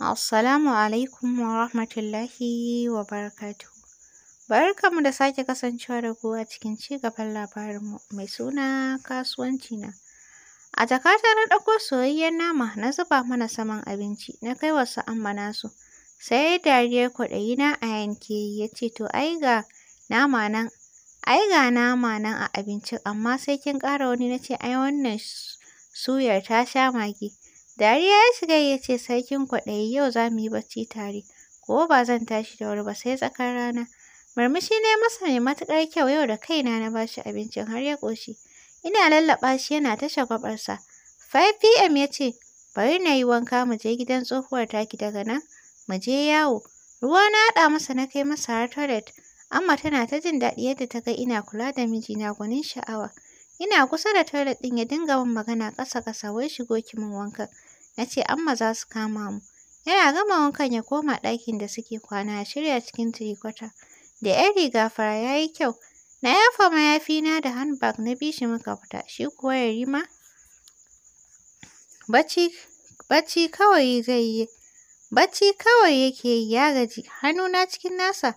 Assalamu alaikum wa rahmatullahi wa mu Barkanmu da sake kasancewa da ku a cikin ci gaban labarinmu mai suna kasuwanci na. A jakata na ɗauko soyayyen nama na zuba mana saman abinci na kai wa amma nasu. Sai dariyar kwaɗayi na a yanke ya ce to ai ga nama nan ai ga nama nan a abincin amma sai kin ƙara wani na ce ai wannan suyar ta sha magi. Dariya ya shiga ya ce sarkin kwaɗayi yau za mu yi bacci tare, ko ba zan tashi da wuri ba sai tsakar rana. Murmushi ne masa mai matuƙar kyau yau da kaina na ba shi abincin har ya ƙoshi. Ina lallaɓa shi yana ta shagwabarsa. 5 pm ya ce, bari na yi wanka mu je gidan tsohuwar taki daga nan, mu je yawo. Ruwa na haɗa masa na kai masa har toilet. Amma tana ta jin daɗi yadda ta ga ina kula da mijina gwanin sha'awa. Ina kusa da toilet ɗin ya dinga min magana ƙasa-ƙasa wai shigo ki min wankan. na ce amma za su kama mu. Yana gama wankan ya koma ɗakin da suke kwana ya shirya cikin tirikwata. Da ‘yan riga fara ya yi kyau. Na yafa mayafina da handbag na bishi muka fita, shi kuwa ya Yarima bacci bacci kawai zai yi. Bacci kawai yake yi ya gaji, hannu na cikin nasa.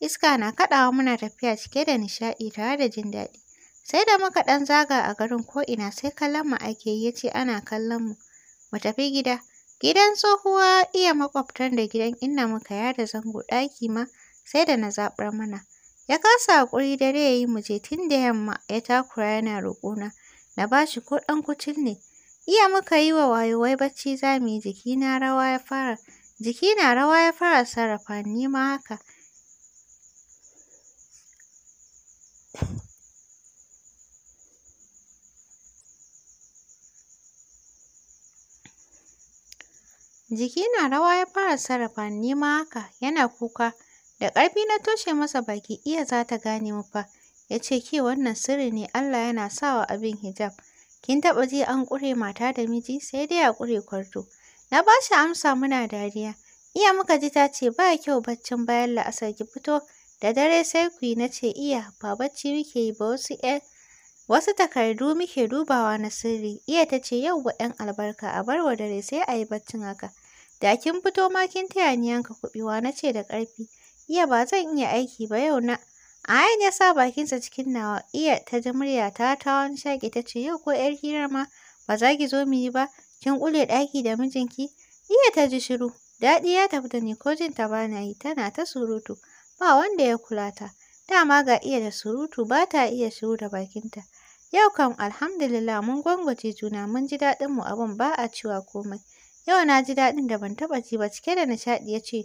Iska na kaɗawa muna tafiya cike da nishaɗi tare da jin daɗi. Sai da muka ɗan zaga a garin ko'ina sai kallon mu ake yi ya ce ana kallon mu. mu tafi gida. Gidan tsohuwa iya maƙwabtan da gidan inna muka yada zango ɗaki ma sai da na zaɓar mana. Ya kasa haƙuri dare ya yi mu je tun da yamma ya takura yana roƙona na ba shi ko ɗan kucil ne. Iya muka yi wa wayo wai bacci za mu yi jiki na rawa ya fara sarrafa ni ma haka. Jiki na rawa ya fara sarrafa ni ma haka, yana kuka. Da ƙarfi na toshe masa baki, iya za ta gane mu fa. Ya ce ke wannan sirri ne Allah yana sawa abin hijab. Kin taɓa ji an ƙure mata da miji sai dai a ƙure kwarto. Na ba shi amsa muna dariya. Iya muka ji ta ce ba kyau baccin bayan la'asar ki fito da dare sai ku yi na ce iya ba bacci muke yi ba wasu ƴan wasu takardu muke dubawa na sirri. Iya ta ce yau yauwa 'yan albarka a bar wa dare sai a yi baccin haka. Da kin fito ma kin taya ni yanka kuɓewa na ce da ƙarfi. Iya ba zan iya aiki ba yau na. Ayan ya sa bakinsa cikin nawa. Iya ta ji murya ta ta wani shaƙi ta ce yau ko ‘yar hirar ma ba za ki zo mu yi ba. Kin ƙule ɗaki da mijinki. Iya ta ji shiru. Daɗi ya tafi da ni ko jin ta ba na yi tana ta surutu. Ba wanda ya kula ta. Dama ga iya da surutu ba ta iya shiru da bakinta. Yau kam alhamdulillah mun gwangwace juna mun ji daɗin mu abin ba a cewa komai. Yau na ji daɗin da ban taɓa ji ba cike da nishaɗi ya ce,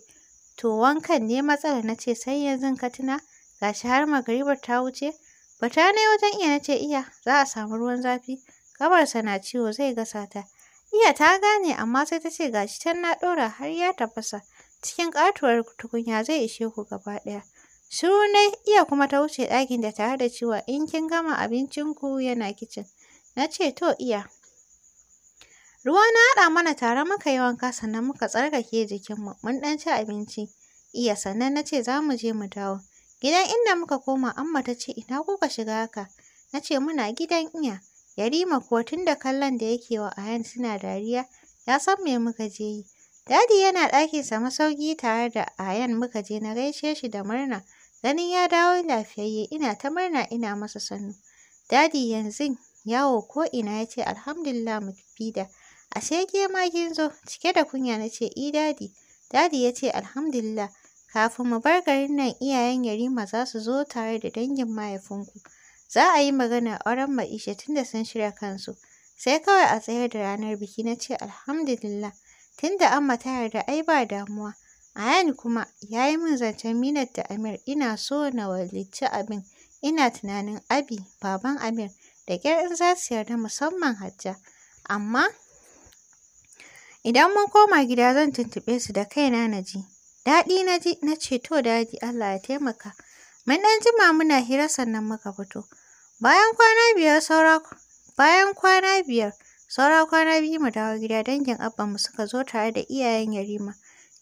To wankan ne matsala na ce sai yanzu ka tuna, gashi har magaribar ta wuce. Bata na wajen iya na ce iya, za a samu ruwan zafi, kabarsa na ciwo zai gasa ta. Iya ta gane amma sai ta ce gashi can na ɗora har ya tafasa. Cikin ƙatuwar tukunya zai ishe ku gaba ɗaya. Shiru ne iya kuma ta wuce ɗakin da tare da cewa in kin gama abincinku yana kicin. Na ce to iya, Ruwa na haɗa mana tare muka yi wanka sannan muka tsarkake jikinmu mun ɗan ci abinci. Iya sannan na ce za mu je mu dawo. Gidan inda muka koma Amma ta ce ina kuka shiga haka? Na ce muna gidan iya. Yarima kuwa tun da kallon da yake wa Ayan suna dariya ya san me muka je yi. Dadi yana ɗakinsa masauki tare da Ayan muka je na gaishe shi da murna. Ganin ya dawo lafiyayye ina ta murna ina masa sannu. Dadi yanzu yawo ko ina ya ce alhamdulillah mu da. ashe ke ma kin zo cike da kunya na ce i dadi dadi ya ce alhamdulillah kafin mu bar garin nan iyayen yarima za su zo tare da dangin mahaifinku za a yi magana auren ma'isha tunda sun shirya kansu sai kawai a tsayar da ranar biki na ce alhamdulillah tunda amma ta yarda ai ba damuwa Ayan kuma ya yi min zancen Minat da Amir ina so na walici abin ina tunanin Abi baban Amir da ƙyar in za su yarda musamman Hajja amma Idan mun koma gida zan tuntuɓe su da kaina na ji. Daɗi na ji, na ce to daji Allah ya taimaka. Mun ɗan jima muna hira sannan muka fito. Bayan kwana biyar saura bayan kwana biyar saura kwana biyu mu dawo gida dangin abba mu suka zo tare da iyayen Yarima.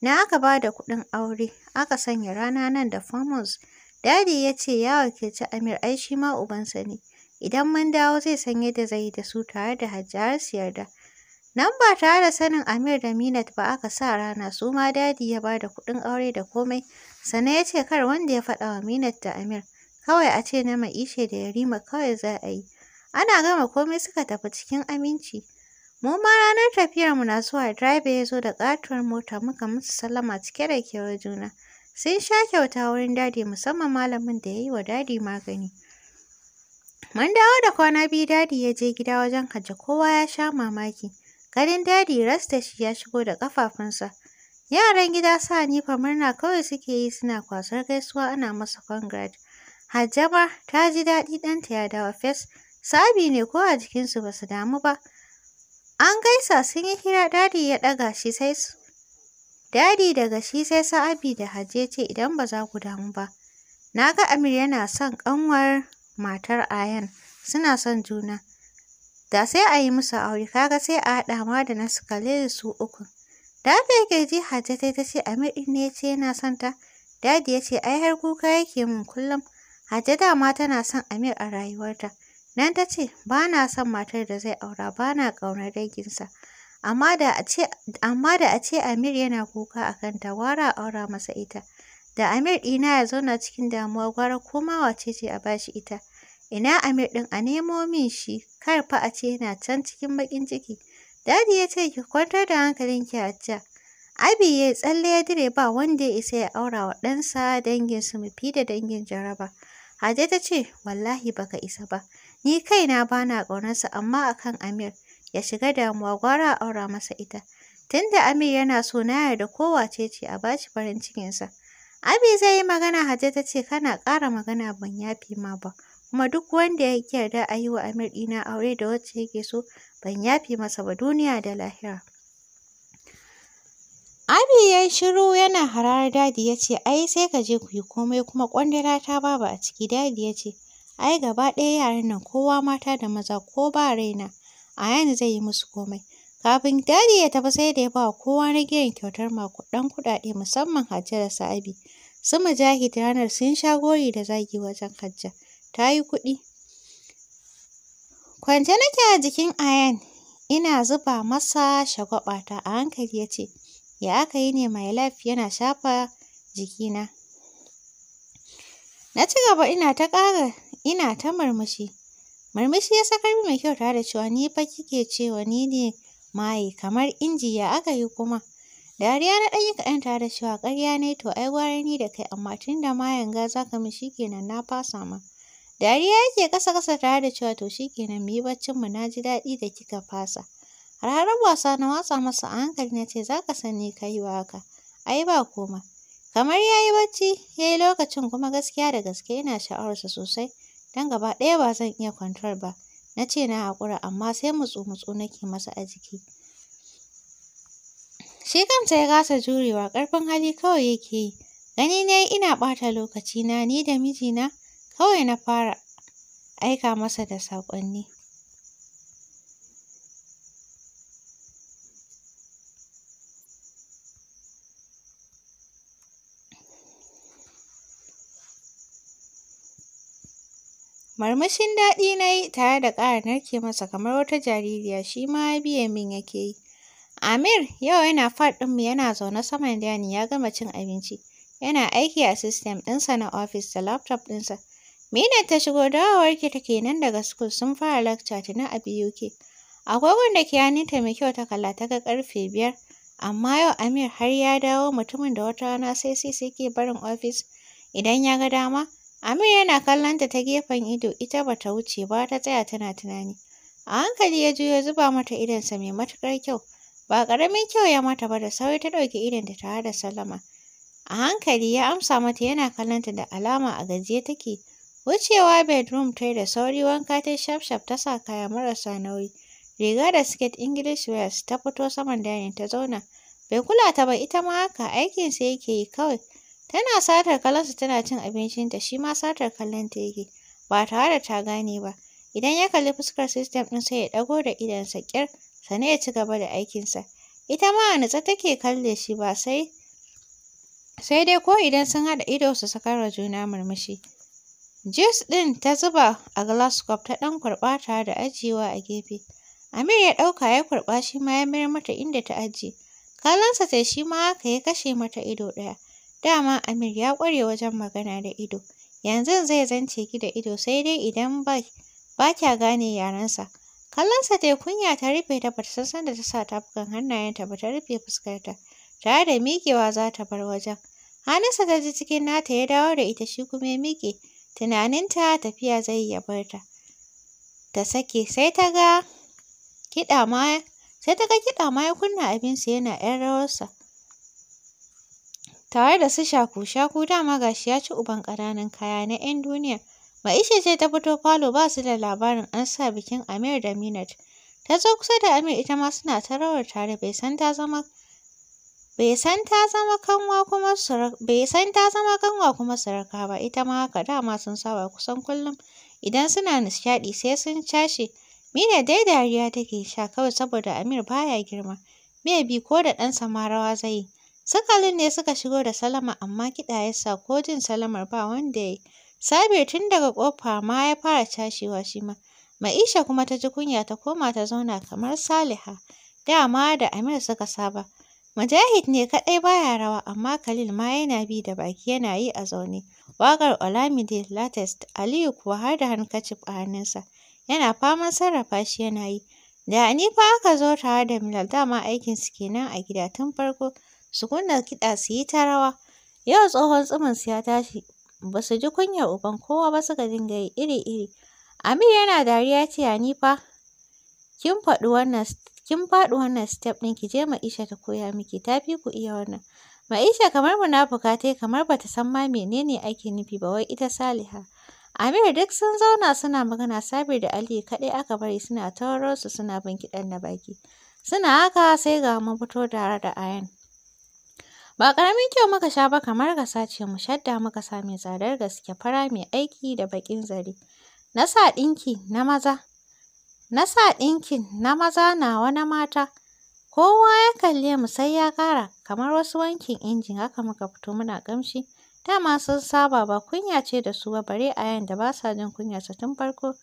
Na aka ba da kuɗin aure, aka sanya rana nan da famous. Dadi ya ce ya wakilci Amir ai shi ma ubansa ne. Idan mun dawo zai san da zai yi da su tare da Hajjiyar su yarda. Nan ba tare da sanin Amir da Minat ba aka sa rana su ma dadi ya ba da kuɗin aure da komai sannan ya ce kar wanda ya faɗa wa Minat da Amir kawai a ce na ma'ishe da yarima kawai za a yi. Ana gama komai suka tafi cikin aminci. Mu ma ranar tafiyar mu na zuwa drive ya zo da katuwar mota muka musu sallama cike da kewar juna. Sun sha kyauta wurin dadi musamman malamin da ya yi wa dadi magani. Mun dawo da kwana biyu dadi ya je gida wajen kaje kowa ya sha mamaki. Ganin dadi rasta shi ya shigo da kafafunsa Yaran gida sani fa murna kawai suke yi suna kwasar gaisuwa ana masa congrat. Hajjama ta ji daɗi ɗanta ya dawo fes. Sabi ne ko a jikinsu ba su damu ba. An gaisa sun yi hira dadi ya ɗaga shi sai Dadi daga shi sai Sa'abi da Hajje ce idan ba za ku damu ba. Na ga Amir yana son ƙanwar matar Ayan. Suna son juna. Da sai a yi musu aure, kaga sai a haɗa ma da nasu da su uku. Da bai girji Hajja ta ce Amir ne ce yana son ta. Dadi ya ce ai har kuka yake min kullum. Hajja ma tana son Amir a rayuwarta. Nan ta ce ba na son matar da zai aura ba na ƙaunar danginsa. Amma da a ce Amir yana kuka a kanta wara aura masa ita. Da Amir ɗina ya zauna cikin damuwa gwara ko wace ce a bashi ita. Ina Amir din a nemo min shi, kar fa a ce yana can cikin bakin ciki. Dadi ya ce ki kwantar da hankalinki Hajja. Abi ya tsalle ya dire ba wanda ya isa ya aura wa ɗansa dangin su mafi da dangin jaraba. Hajiya ta ce wallahi baka isa ba. Ni kaina bana ƙaunarsa amma akan Amir ya shiga damuwa gwara a aura masa ita. Tunda Amir yana so na yarda kowace ce a bashi farin cikinsa. Abi zai yi magana Hajiya ta ce kana ƙara magana ban yafi ma ba. kuma duk wanda ya ƙi yarda a yi wa Amir ɗina aure da wacce yake so ban yafe masa ba duniya da lahira. Abi ya yi shiru yana harar dadi ya ce ai sai ka je ku yi komai kuma kwandira ta babu a ciki dadi ya ce ai gaba ɗaya yaran nan kowa mata da maza ko ba raina a yanzu zai yi musu komai. Kafin dadi ya tafi sai da ya ba kowa na gidan kyautar ɗan kuɗaɗe musamman Hajja da Sa'abi. Su Mujahid ranar sun sha gori da zagi wajen Hajja. ta yi kuɗi. Kwance nake a jikin Ayan, ina zuba masa ta a hankali ya ce, Ya aka yi ne my life yana shafa jikina. Na ci gaba ina ta ƙara ina ta murmushi. Murmushi ya sakar mai kyau tare da cewa ni fa kike cewa ni ne maye kamar inji ya aka yi kuma. Dariya na ɗan yi kaɗan tare da cewa ƙarya ne to ai gwara ni da kai amma tun da mayan ga za ka shi kenan na fasa ma. Dariya yake ƙasa-ƙasa tare da cewa to shi kenan mu yi baccinmu na ji daɗi da kika fasa. Rarar wasa na watsa masa a hankali na ce za ka sani ka yi wa haka. Ai ba koma. Kamar ya yi bacci ya yi lokacin kuma gaskiya da gaske ina sha'awarsa sosai don gaba ɗaya ba zan iya kwantar ba. Na ce na haƙura amma sai mutsu-mutsu nake masa a jiki. Shi ta ya kasa jurewa ƙarfin hali kawai yake yi. Gani na yi ina ɓata lokaci na, ni da mijina Kawai na fara aika masa da saƙonni. Marmashin daɗi na yi tare da ƙara narke masa kamar wata jaririya shi ma biye min yake yi. Amir yau yana fat ɗinmu yana zaune saman dani ya gama cin abinci. Yana aiki a sistem ɗinsa na ofis da laptop ɗinsa. Mina ta shigo dawowarki take nan daga school sun fara lecture tuni a BUK. Agogon da ke ta mai kyau ta kalla ta ga karfe biyar. Amma yau Amir har ya dawo mutumin da wata rana sai sai sai ke barin ofis idan ya ga dama. Amir yana kallonta ta gefen ido ita ba ta wuce ba ta tsaya tana tunani. A hankali ya juyo zuba mata idonsa mai matuƙar kyau. Ba ƙaramin kyau ya mata ba da sauri ta ɗauki ta tare da sallama A hankali ya amsa mata yana kallonta da alama a gajiye take. Wucewa bedroom ta yi da sauri wanka ta shafshaf ta sa kaya marasa nauyi, riga da siket English wears ta fito saman dining ta zauna. Bai kula ta ba ita ma haka aikinsa yake yi kawai. Tana satar kallonsa tana cin abincin ta, shi ma satar kallon ta yake ba tare da ta gane ba. Idan ya kalli fuskar system ɗin sai ya ɗago da idonsa ƙyar sannan ya ci gaba da aikinsa. Ita ma a nutsa take kalle shi ba sai sai dai ko idan sun haɗa ido su sakar wa juna murmushi. Jus ɗin ta zuba a glass ta ɗan kurɓa tare da ajiyewa a gefe. Amir ya ɗauka ya kurɓa shi ma ya mayar mata inda ta ajiye. sa tai shi ma haka ya kashe mata ido ɗaya. Dama Amir ya kware wajen magana da ido. Yanzu zai zance ki da ido sai dai idan ba ba kya gane yarensa. Kallonsa tai kunya ta rufe ta bata san sanda ta sa tafukan hannayenta ba ta rufe fuskarta. Tare da miƙewa za ta bar wajen. Hannunsa ta ji cikin nata ya dawo da ita shi kuma ya miƙe. Tunaninta tafiya zai yi ya bar ta. sake sai ta ga kiɗa ma sai ta ga kiɗa ma ya kunna abinsa yana ‘yan rawarsa. Tare da su shaku-shaku dama gashi ya ci uban ƙananan kaya na ‘yan duniya. Maisha ce ta fito falo ba su da labarin an sa bikin Amir da Minat. Ta zo kusa da Amir ita ma suna ta rawar tare bai san ta zama bai san ta zama kanwa kuma suraka ba ita ma haka dama sun saba kusan kullum idan suna nishaɗi sai sun cashe Mina dai dariya take sha kawai saboda Amir baya girma Me bi ko da ɗansa ma zai yi sakalin ne suka shigo da salama amma kiɗa ya sa ko jin salamar ba wanda ya yi Sabir tun daga ƙofa ma ya fara cashewa shi ma Maisha kuma ta ji kunya ta koma ta zauna kamar Saliha dama da Amir suka saba Mujahid ne kaɗai baya rawa amma Khalil ma yana bi da baki yana yi a zaune. Waƙar Olamide latest Aliyu kuwa har da hankacif a hannunsa yana faman sarrafa shi yana yi. Da ni fa aka zo tare da Milal dama aikinsu kenan a gida tun farko su kunna kiɗa su yi ta rawa. Yau tsohon su ya tashi ba su ji kunyar uban kowa ba suka dinga yi iri-iri. Amir yana dariya ya ce ni fa kin faɗi wannan kin faɗi wannan step ɗin ki je Maisha ta koya miki ta fi ku iya wannan. Maisha kamar munafuka tai kamar bata san ma menene ake nufi ba wai ita Saliha. Amir duk sun zauna suna magana Sabir da Ali kaɗai aka bari suna ta su suna bin kiɗan na baki. Suna haka sai ga mun fito tare da Ayan. Ba ƙaramin kyau muka sha ba kamar gasa ce mu shadda muka sa mai tsadar gaske fara mai aiki da baƙin zare. Na sa ɗinki na maza Na sa ɗinkin na maza nawa na mata, kowa ya kalle mu sai ya ƙara kamar wasu wankin injin haka muka fito muna kamshi. Dama sun saba ba kunya ce da su ba bare a yayin da ba sa jin kunyarsa tun farko.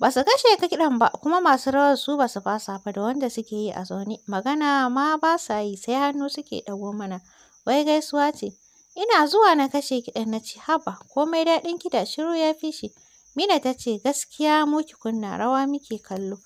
Ba su kashe ka kiɗan ba kuma masu rawar su ba su fasa ba da wanda suke yi a zaune. Magana ma ba sa yi sai hannu suke ɗago mana. Wai gaisuwa ce. Ina zuwa na kashe kiɗan na ce haba komai daɗin kiɗa shiru ya fi shi. Mina ta ce, gaskiya mu ki kunna rawa muke kallo.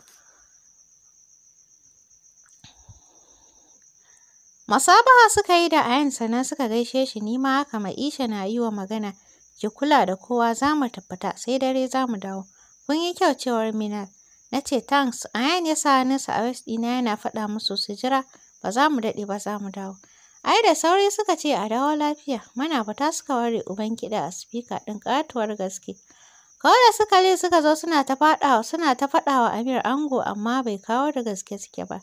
Masabaha suka yi da Ayan sannan suka gaishe shi ni ma haka Ma'isha na yi wa magana. Ki kula da kowa za mu tabbata sai dare za mu dawo. Kun yi kyau cewar Minna Na ce thanks Ayan ya sa hannunsa a ɗina yana faɗa musu su jira ba za mu daɗe ba za mu dawo. Ai da sauri suka ce a dawo lafiya muna fita suka ware uban kiɗa a speaker ɗin ƙatuwar gaske. Kawai da su suka zo suna ta faɗawa suna ta faɗawa Amir ango amma bai kawo da gaske suke ba.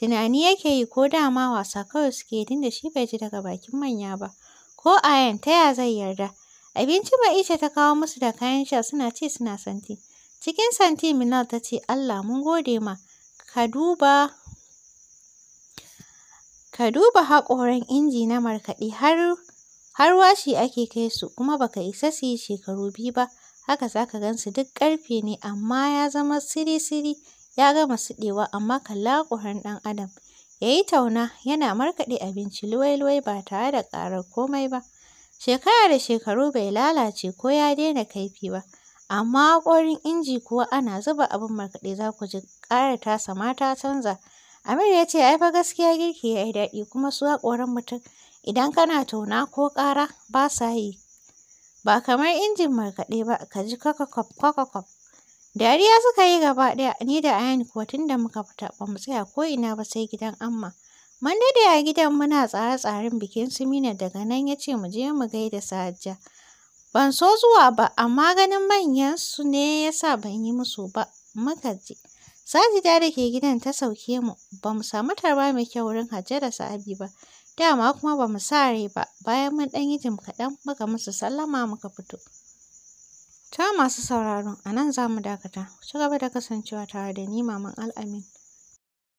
Tunani yake yi ko dama wasa kawai suke yi da shi bai ji daga bakin manya ba. Ko ayan ta ya zai yarda. Abinci ice ta kawo musu da kayan sha suna ce suna santi. Cikin santi Minal ta ce Allah mun gode ma. Ka duba ka duba haƙoran inji na markaɗi har har washi ake kai su kuma baka isa su yi shekaru biyu ba Haka za ka gansu duk ƙarfe ne amma ya zama siri-siri ya gama siɗewa amma kalla haƙorin ɗan adam. Ya yi tauna yana markaɗe abinci luwai-luwai ba tare da ƙarar komai ba. Shekara da shekaru bai lalace ko ya daina kaifi ba. Amma ƙorin inji kuwa ana zuba abin markaɗe za ku ji ƙara tasa ma ta canza. Amir ya ce ai fa gaskiya girki ya yi daɗi kuma su haƙorin mutum idan kana tauna ko ƙara ba sa yi. ba kamar injin markaɗe ba ka ji kwakwakwaf kwakwakwaf. Dariya suka yi gaba ɗaya ni da Ayan kuwa tun da muka fita ba mu tsaya ko ina ba sai gidan Amma. Mun dade a gidan muna tsare-tsaren bikin Simina daga nan ya ce mu je mu gaida Sajja. Ban so zuwa ba amma ganin manyan su ne ya sa ban yi musu ba muka je. Sajida da ke gidan ta sauke mu ba mu samu tarba mai kyau wurin Hajja da Sa'abi ba. Dama kuma ba mu sa rai ba, bayan mun ɗan yi jim kaɗan muka musu sallama muka fito. Ta masu sauraron a nan za mu dakata. Ku ci gaba da kasancewa tare da ni Maman Al'amin.